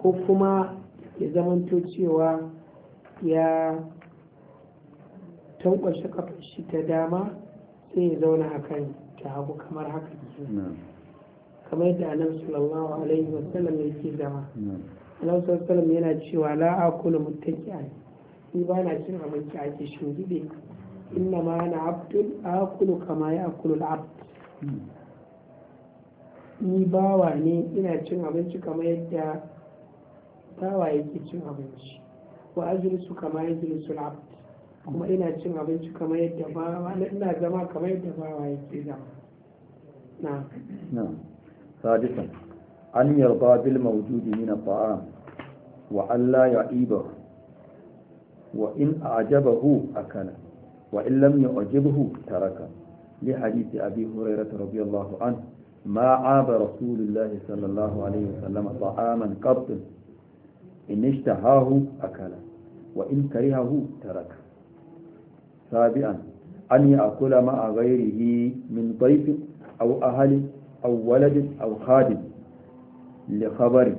Speaker 1: ko kuma ya zamanto cewa ya tankwashe kafin shi ta dama sai ya zauna a kan ta hagu kamar haka kamar yadda anan sallallahu alaihi wasallam ke zama anan sallallahu yana cewa la mutaki a ni ba na cin abinci ake shingide inna ma na abdul akulu kama ya akulu al hmm. ni bawa ne ina cin abinci kamar yadda bawa yake cin abinci wa ajlisu kama yajlisu al kuma ina cin abinci kama yadda bawa ina zama kama yadda bawa yake zama na'am
Speaker 2: na'am sadisan an yarda bil mawjudi min at-ta'am wa an la ya'ibahu wa in a'jabahu akala wa in lam yu'jibhu taraka li hadithi abi hurairah radiyallahu anhu ما عاب sallallahu الله wa sallam عليه وسلم طعاما قط hahu akala wa in karihahu taraka sabi'an an ya'kula ma'a ghayrihi min dayfin aw ahalin aw waladin aw khadim li khabari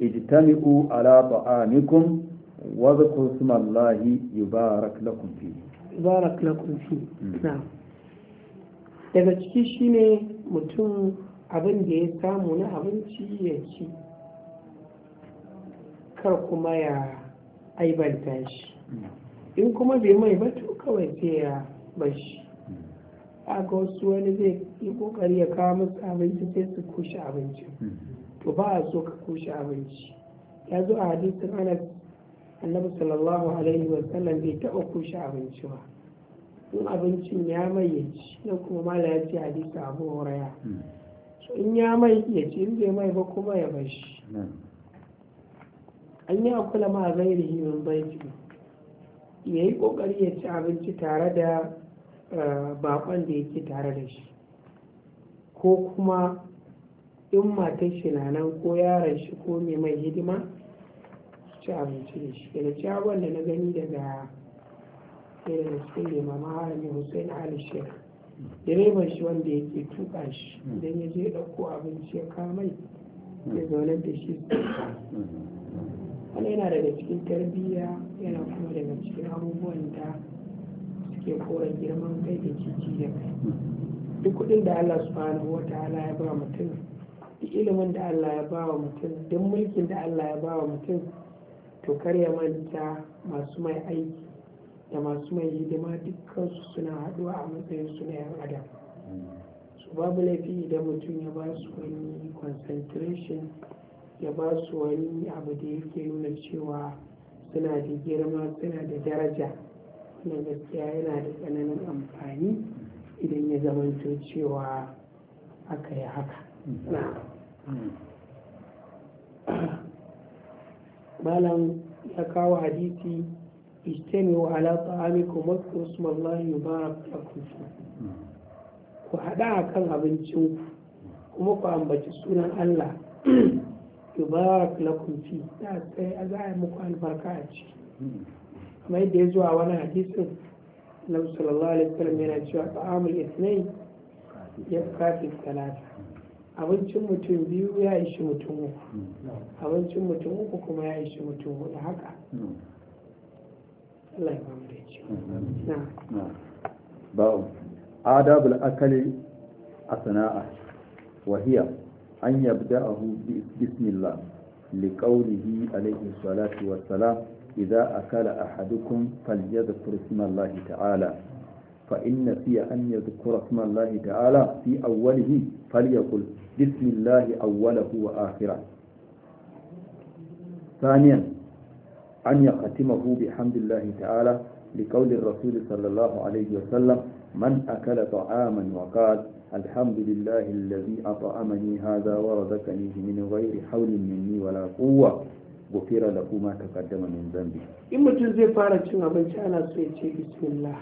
Speaker 2: ijtami'u ala ta'amikum wa dhkuru isma allahi yubarak lakum fihi
Speaker 1: barak lakum fi na'am daga ciki shine mutum abin da ya samu na abinci ya ci kar kuma ya aibanta shi in kuma bai mai ba to kawai sai ya bashi ga wasu wani zai yi kokari ya kawo musu abinci sai su kushe abinci to ba a so ka kushe abinci ya zo a hadisin anas annabi sallallahu alaihi wa sallam bai taba kushe abinci ba in abincin ya mai ya ci nan kuma mala ya ce hadisa abu horaya hmm. in ya mai ya ci in bai mai ba kuma ya bashi hmm. an yi akula ma da min baiti ya yi kokari ya ci abinci tare da eh, bakon da yake tare da shi ko kuma in matar shi na nan ko yaran shi ko mai mai hidima ci abinci da shi da ci abin da na gani daga ɗaya da cikin limama harami hussein ali shek direban shi wanda yake tuka shi hmm. idan ya je ɗauko abinci ya kamai ya hmm. zaunar da shi hmm. wani yana daga cikin tarbiyya yana kuma daga cikin abubuwan da suke kora girman kai da jiji da kai duk kudin da Allah subhanahu wa ta'ala ya ba mutum duk ilimin da Allah ya ba wa mutum duk mulkin da Allah ya ba wa mutum to kar ya manta masu mai aiki da masu mai hidima dukkansu suna haɗuwa a matsayin su na yan adam su babu laifi idan mutum ya ba su wani concentration ya ba su wani abu da yake nuna cewa suna da girma suna da daraja na gaskiya yana da tsananin amfani idan ya zamanto cewa aka yi haka malam ya kawo hadisi istamiu ala ta'amikum wadkuru ba a lakum ku haɗa akan abincin kuma ku ambaci sunan Allah tubarak lakum fi da tsaye za a yi muku albarka a ciki kamar yadda ya zuwa wani hadisin na sallallahu alaihi wasallam yana cewa ta'amul isnai ya kafi talata abincin mutum biyu ya ishi mutum uku abincin mutum uku kuma ya ishi mutum huɗu haka Allah ya bamu
Speaker 2: da ci ba'u adabul akali a sana'a wahiya an yabda'ahu bi bismillah liqawlihi alayhi salatu wassalam idza akala ahadukum falyadhkur isma Allah ta'ala fa in nasiya an yadhkura isma Allah ta'ala fi awwalihi falyaqul bismillah awwalahu wa akhirah ثانيا أن يختمه بحمد الله تعالى لقول الرسول صلى الله عليه man من أكل طعاما وقال الحمد لله الذي أطعمني هذا ورزقني من غير حول مني ولا قوة غفر له ما تقدم من ذنبي
Speaker 1: in mutum zai fara cin abinci ana so ya ce bismillah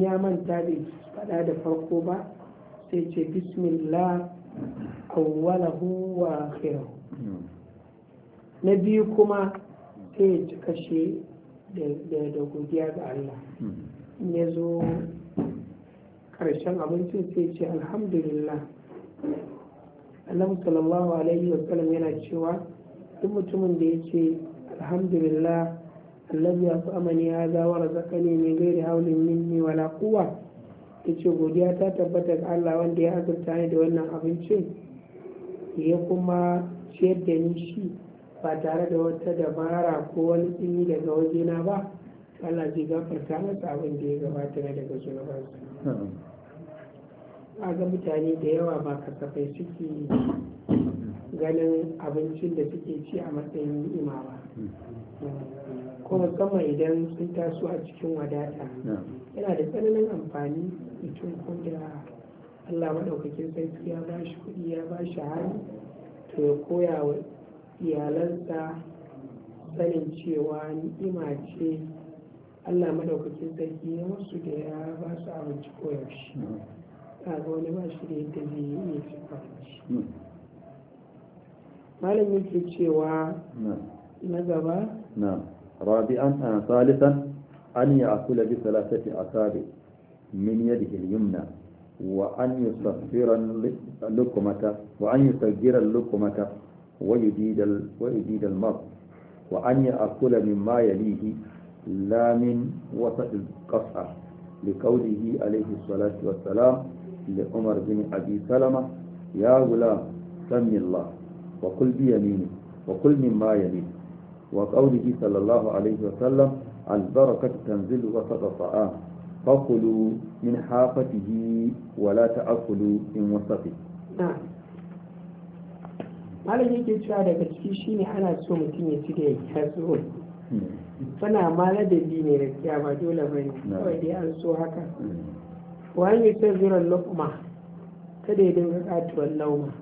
Speaker 1: ya manta bai faɗa da farko ba sai ce bismillah awwalahu wa akhirahu na biyu kuma sai ya ci kashe da godiya ga Allah hmm. ya zo karshen abincin sai ce alhamdulillah annabi sallallahu alaihi wasallam yana cewa duk mutumin da ya alhamdulillah allazi ya amani ya zawa ne min da haulin minni wala quwwa yace godiya ta tabbata ga Allah wanda ya azurta ni da wannan abincin ya kuma ciyar da ni shi ba tare da wata dabara ko wani tsini daga wajena ba Allah zai gafarta masa abin da ya gabata na daga zunubansa. ga mutane da yawa ba kasafai suke ganin abincin da suke ci a matsayin ni'ima ba ko musamman idan sun taso a cikin wadata yana da tsananin amfani mutum ko da allah maɗaukakin sarki ya ba shi kuɗi ya ba shi hali to ya koya wa iyalansa sanin cewa ni'ima ce allah maɗaukakin sarki ya musu da ya ba su abinci yaushe. kaga wani ba shi da yadda zai yi hmm. malam yake cewa hmm. na gaba na hmm.
Speaker 2: rabi'an salisan an a kula bi salasati asabi min yadihi al-yumna wa an yusaffira lukumata wa an yusaffira lukumata wa yudida wa yudida wa an ya akula mimma yalihi la min wasat al-qas'a لقوله عليه الصلاة والسلام da umar bin abi salama ya gula sami Allah wa kul biya ne wa kul
Speaker 1: yake cewa daga ciki shine ana so mutum ya ci da ya kyasu fana ma ladabi ne da kyawa dole bai kawai dai an so haka wa an yi tazirar lukma kada ya dinga katuwar lauma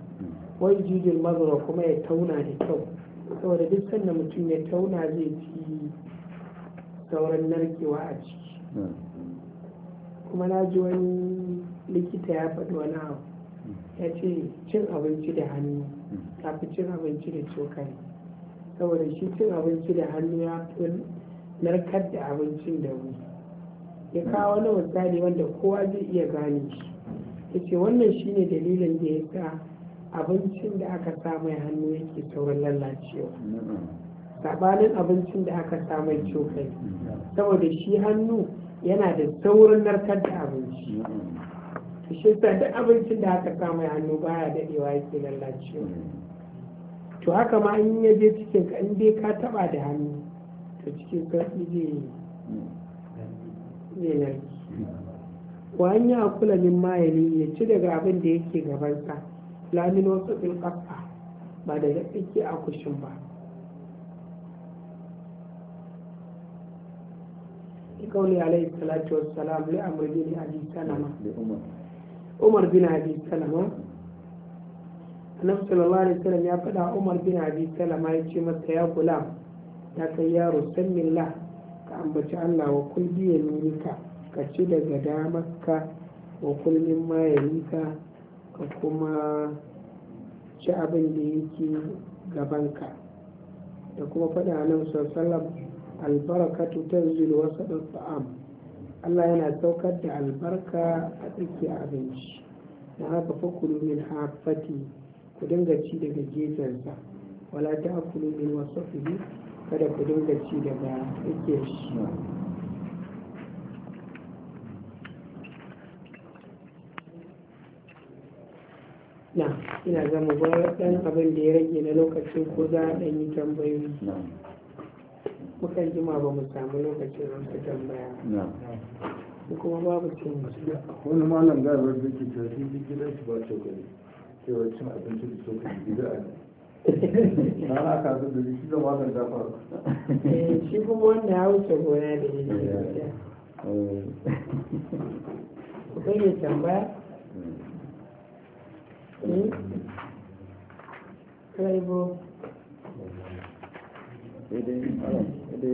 Speaker 1: wani jijin mazura kuma ya tauna da kyau saboda duk sanda mutum ya tauna zai ci sauran narkewa a ciki kuma na ji wani likita ya faɗi wani abu ya ce cin abinci da hannu tafi cin abinci da cokali saboda shi cin abinci da hannu ya fi narkar da abincin da wuri ya kawo na misali wanda kowa zai iya gane shi yace wannan shine dalilin da ya sa abincin da aka samu mai hannu yake saurin lalacewa sabanin abincin da aka samu mai cokali saboda shi hannu yana da saurin narkar da abinci shi sa abincin da aka samu mai hannu baya ya yake lalacewa to haka ma in ya je cikin ka in dai ka taba da hannu to cikin sauki zai yi zai eh. wa an yi akula min mayani ya ci daga abin da yake gabansa lamin wasu ƙafa ba da daga ke a kushin ba kauli alayhi salatu salam li amur bin abi salama umar bin abi salama annabi sallallahu alaihi wasallam ya faɗa umar bin abi salama ya ce masa ya gulam ya kai yaro san millah ambaci Allah wa kul biya ka ci daga damarka wa kullum ma ya ka kuma ci abin da yake gabanka da kuma faɗa a nan sallam albarakatu tanzilu wasa ta'am Allah yana saukar da albarka a tsakiyar abinci na haka fakulu min hafati ku dinga ci daga gefensa wala ta min wasafihi kada ku dinga ci daga yake shi na ina zama ba ɗan abin da ya rage na lokacin ko za a ɗan yi tambayoyi mukan jima ba mu samu lokacin amsa tambaya kuma babu cin
Speaker 2: wani malam gabar da ke tafi gida shi ba cokali cewa cin abinci da cokali gida a rana ka su da shi zama da gafar
Speaker 1: eh, shi kuma wanda ya wuce gona da shi ne
Speaker 2: ku eh. eh?
Speaker 1: kai ya tambaya Kaibo.
Speaker 2: Idai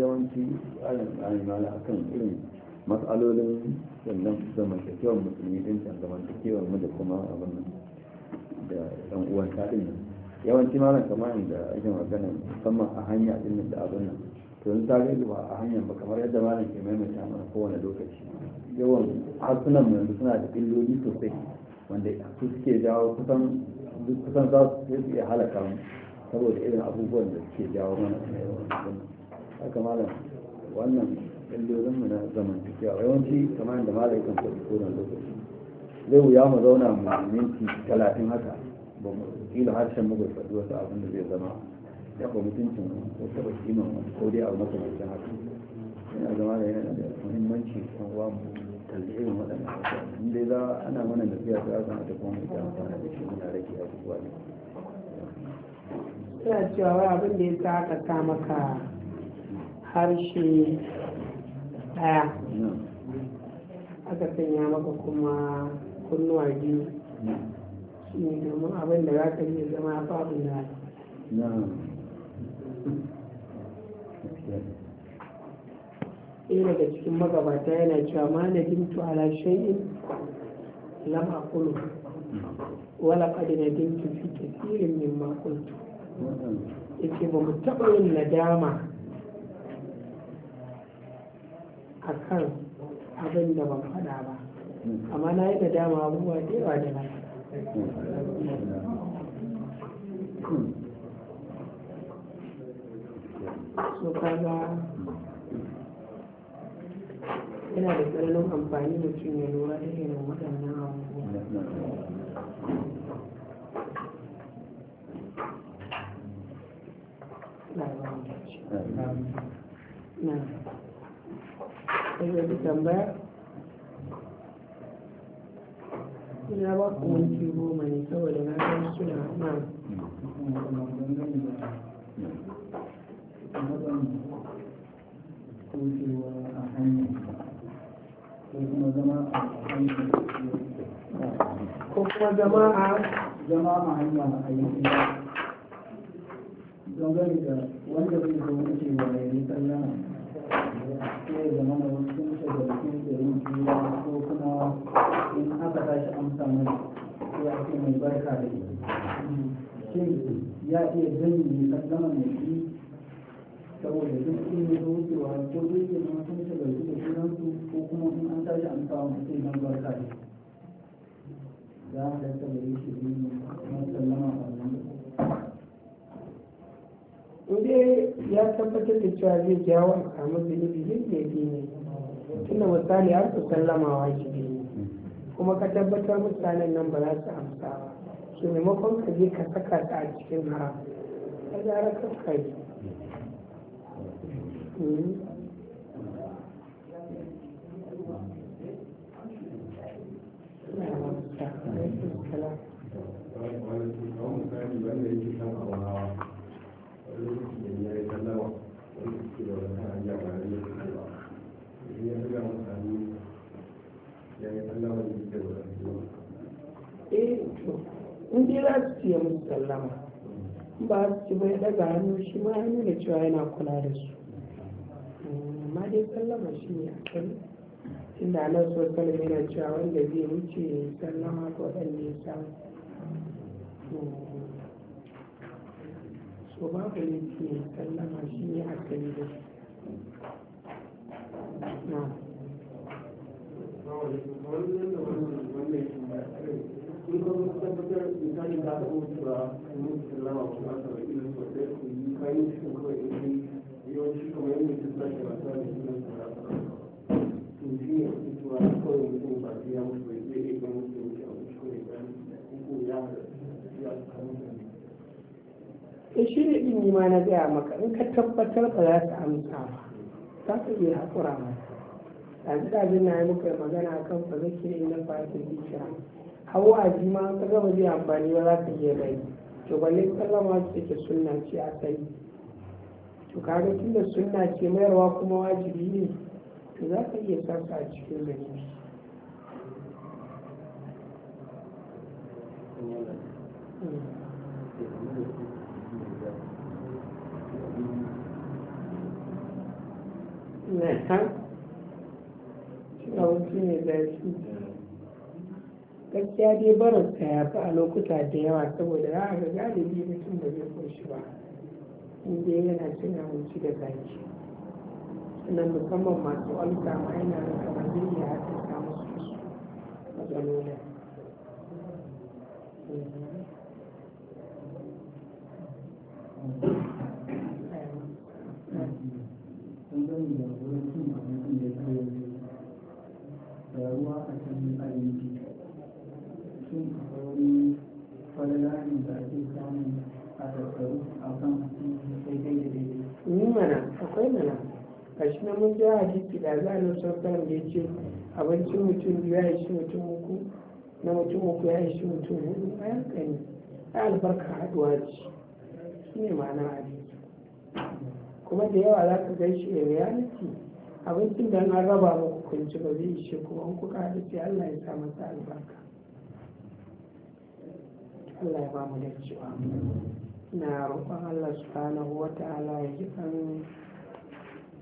Speaker 2: yawanci ayin alimala a kan irin matsalolin sannan zamantakewar musulmi din can zamantakewar mu da kuma abin da ɗan uwan tarin yawanci malam kamar da ake magana musamman a hanya din da abin nan to in ta gaji ba a hanyar ba kamar yadda malam ke maimaita mana kowane lokaci yawan harsunan mu yanzu suna da illoli sosai wanda su suke jawo kusan kusan za su iya halaka mu saboda irin abubuwan da suke jawo mana a yawan haka malam wannan illolin mu na zamantakewa yawanci kamar yadda malam kan faɗi kowane lokaci zai wuya mu zauna mu minti talatin haka ba mu kila harshen mu bai faɗi wasu abin da zai zama ya ba mutuncin ko taɓa kiman wani ko dai abu makamancin haka yana zama da yana da muhimmanci kan wa mu talibin irin waɗannan in dai za ana mana da tafiya ta zama da kuma da amfana da shi muna rage a abubuwa ne
Speaker 1: suna cewa abin da ya sa aka sa maka harshe ɗaya
Speaker 3: hmm.
Speaker 1: aka sanya maka kuma kunnuwa biyu hmm. ne domin abin da za ka iya zama babu na ɗaya daga cikin magabata yana cewa ma na dintu ala shay'in lam aqulu wala kadi na dintu fi kathirin mimma qultu yace ba mu taɓa yin nadama kan abin da ban faɗa ba amma na yi nadama abubuwa da yawa da na so kaga yana da tsananin amfani mutum ya lura da irin waɗannan abubuwa Nah, saya tambah na ba ku wanki goma ne saboda na san suna na
Speaker 4: ko kuma zama a zama hanya a don gani da wanda bai zo sai zama da wasu shagarci da yin juna ko kuma in aka tashi amsa mai sai a ce mai barka da shi shin ya iya zan yi sallama mai shi saboda duk sun yi wucewa ko duk da zama sun shagarci da junansu ko kuma in an tashi amsa mai sai mai barka da shi za a da shi ne sallama ba
Speaker 1: inda ya tabbatar da cewa zai jawo a samu zunubi duk da yake ne tunda misali har su sallama wajibi ne kuma ka tabbatar mutanen nan ba za su amsa ba su maimakon ka je ka saka ta a cikin haram ka gyara kanka
Speaker 2: Thank you.
Speaker 1: za su iya musu sallama ba su ci bai daga hannu shi ma ya nuna cewa yana kula da su amma dai sallama shi ne a kan inda nan so sanin yana cewa wanda zai wuce sallama ko ɗan ya samu so ku ne ce sallama shi ne a kai da na
Speaker 4: in kuma tabbatar misali za ta wuce ba in yi sallama ko ba ta bakin su da ku yi kayan cikin kawai in yi yawanci kamar yadda ta ba ta da cikin su ba to shi ne su tuwa kawai mutum ba su ya mutu bai zai iya gan mutu ya mutu a wuce ya ba ko ya ya
Speaker 1: e shi ne ɗin ma na gaya maka in ka tabbatar ba za ta amsa ba za ka iya haƙura ma yanzu ɗazin na yi muka magana akan ba zai ke na ba ta zikira hawo a jima ka gaba zai amfani ba za ka iya bai to balle sallama su take sunna ce a to kaga tunda sunna ce mayarwa kuma wajibi ne to za ka iya sassa a cikin zunubi hmm. ne ha? Shi gaskiya dai barin ka ya fi a lokuta da yawa saboda za a ga galibi mutum ba zai koshi ba inda yana cin abinci da zaki sannan musamman masu olga ma yana da kamar zai ya haɗa musu
Speaker 4: a Thank you. shin da ake samu a tattaru a kan da ni mana
Speaker 1: akwai mana gashi na mun da za a nan ya ce abincin mutum ya mutum uku ya kuma da yawa za gaishe reality abincin da an raba muku kunci ba zai ishe kuma in kuka haɗu sai Allah ya sa masa albarka Allah ya ba mu da cewa na roƙon Allah kana wata ta'ala ya ji an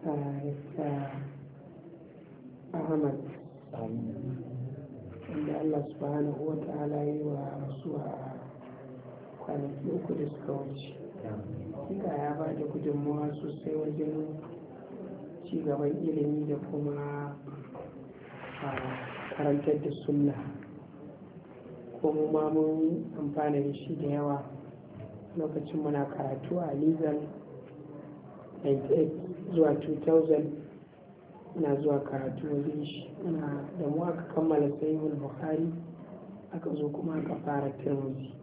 Speaker 1: eh, eh, Ahmad wanda Allah kana wata ta'ala ya yi wa a kwanaki uku da suka wuce Inda ya ba da gudunmawa sosai wajen cigaban ilimi da kuma ah, karantar da sunna ko mu ma mun amfana da shi da yawa lokacin muna karatu a legal 98 zuwa 2000 na zuwa karatu wajen shi muna da mu aka kammala sahihul bukari aka zo kuma aka fara tirmizi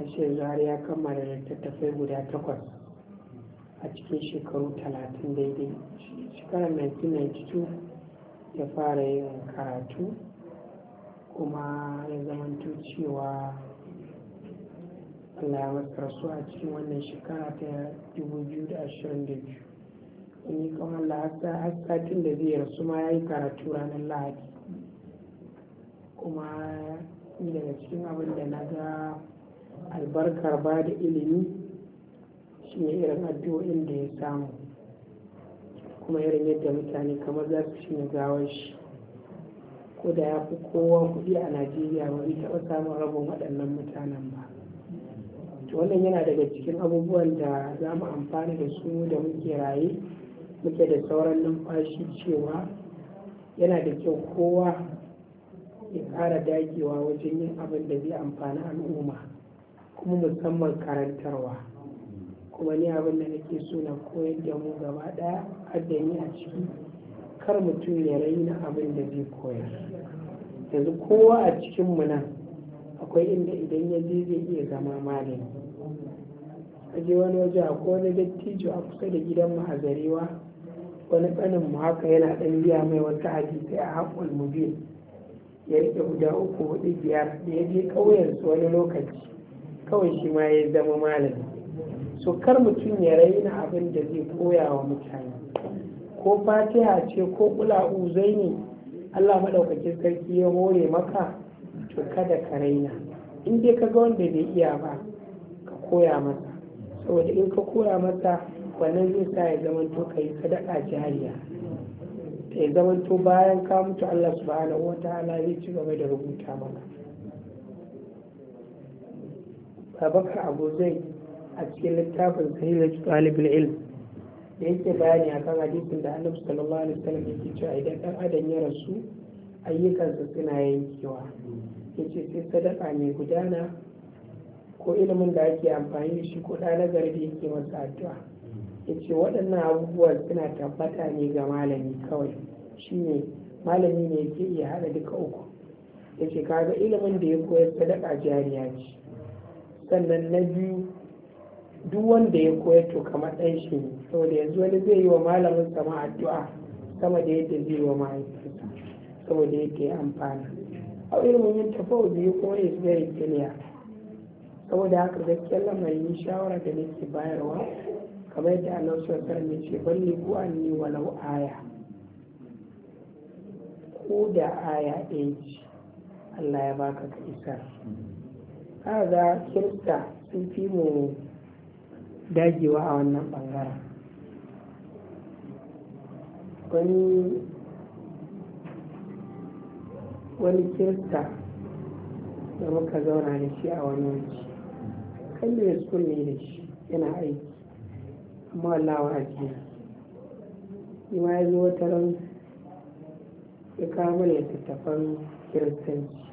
Speaker 1: a shi ya kammala littattafai guda takwas a cikin shekaru talatin daidai shekarar 1992 ya fara yin karatu kuma ya zamanto cewa Allah ya a cikin wannan shekara ta 2022 in yi kan Allah da zai rasu ma ya yi karatu ranar lahadi kuma ni daga cikin abin da na ga albarkar ba da ilimi shi ne irin addu'o'in da ya samu kuma irin yadda mutane kamar za su shi gawar shi ko da ya fi kowa kuɗi a najeriya ba zai taɓa samun rabon waɗannan mutanen ba wannan yana daga cikin abubuwan da za mu amfani da su da muke raye muke da sauran numfashi cewa yana da kyau kowa ya ƙara dagewa wajen yin abin da zai amfani al'umma kuma musamman karantarwa kuma ni abin da nake so na koyar da mu gaba ɗaya har da ni a ciki kar mutum ya raina abin da zai koya yanzu kowa a cikinmu nan akwai inda idan ya je zai iya zama malami aje wani waje a ko wani dattijo a kusa da gidan mu a zarewa wani tsanin mu haka yana ɗan biya mai wata hadisi a haƙul mubin ya riƙe guda uku hudu biyar da ya je ƙauyensu wani lokaci kawai shi ma ya zama malami so kar mutum ya raina abin da zai koya wa mutane ko fatiha ce ko kula uzai ne allah maɗaukaki sarki ya hore maka to kada ka raina in dai ka ga wanda bai iya ba ka koya masa saboda in ka koya masa wannan zai sa ya zama ka yi sadaka jariya ya zamanto bayan ka mutu allah subhanahu wa ta'ala zai ci gaba da rubuta maka babakar abu zai a cikin littafin sahihul talibul ilm da yake bayani kan hadisin da annabi sallallahu alaihi wasallam yake cewa idan dan adam ya rasu ayyukansa suna yankewa yace sai sadaka mai gudana ko ilimin da ake amfani da shi ko ɗana garbi yake masa addu'a yace waɗannan abubuwan suna tabbata ne ga malami kawai shine malami ne yake iya haɗa duka uku yace kaga ilimin da ya koyar sadaka jariya ce sannan na biyu duk wanda ya koyar to kamar ɗan shi ne saboda yanzu wani zai yi wa malamin sama addu'a sama da yadda zai yi wa mahaifinsa saboda yake amfana a ilimin yin tafawa biyu ko ya very clear saboda haka gaskiyar lamarin shawara da nake bayarwa kamar yadda Allah sallallahu alaihi ce balli ku anni walau aya ko da aya ɗaya ce Allah ya baka ka isar kaga kirista sun fi mu dagewa a wannan bangaren wani wani kirista da muka zauna da shi a wani waje da ya ne da shi yana aiki amma wallawa a jiya ma ya zo wata ran ya kama littattafan kiristanci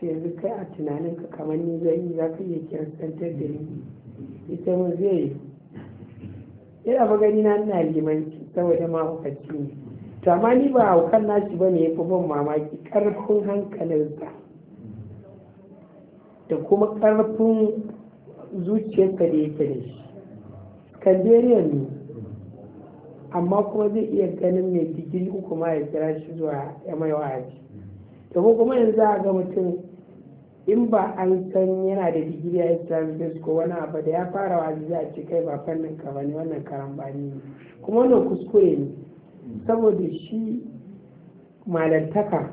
Speaker 1: sai yanzu kai a tunaninka kamar ni zai za ka iya kiristantar da ni ita mu zai yi a gani na ina limanci saboda ma hukaci ne to amma ni ba haukan nashi ba ne ya fi ban mamaki ƙarfin hankalinsa da kuma ƙarfin zuciyarsa da yake da shi kanderiya ne amma kuma zai iya ganin mai digiri uku ma ya kira shi zuwa ya mai wa'azi to kuma yanzu a ga mutum in ba an san yana da digiri a islamic ko wani abu da ya fara wa a ce kai ba fannin ka bane wannan karambani ne kuma wannan kuskure ne saboda shi malantaka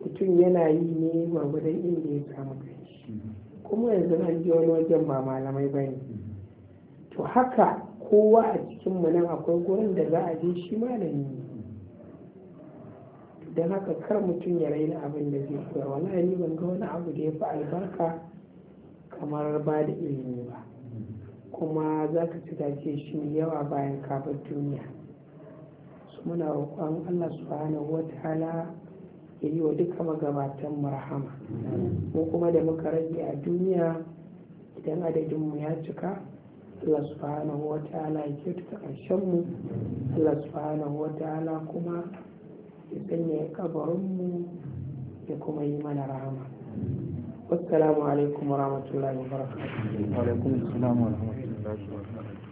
Speaker 1: mutum yana yi ne gwargwadon inda ya samu kanshi kuma yanzu an je wani wajen ba malamai ba ne to haka kowa a cikin mu nan akwai gurin da za a je shi malami ne don haka kar mutum ya raina abin da zai koya wallahi ni ban ga wani abu da ya fi albarka kamar ba da ilimi ba kuma za ka ci dace shi yawa bayan kafin duniya su muna roƙon allah subhanahu wa ta'ala ya yi wa duka magabatan marhama mu kuma da muka rage a duniya idan adadinmu ya cika Allah subhanahu wa ta'ala ya ta ƙarshenmu Allah subhanahu wa ta'ala kuma ya sanya kabarinmu ya kuma yi mana rahama wassalamu alaikum warahmatullahi wabarakatuh
Speaker 3: wa alaikum wa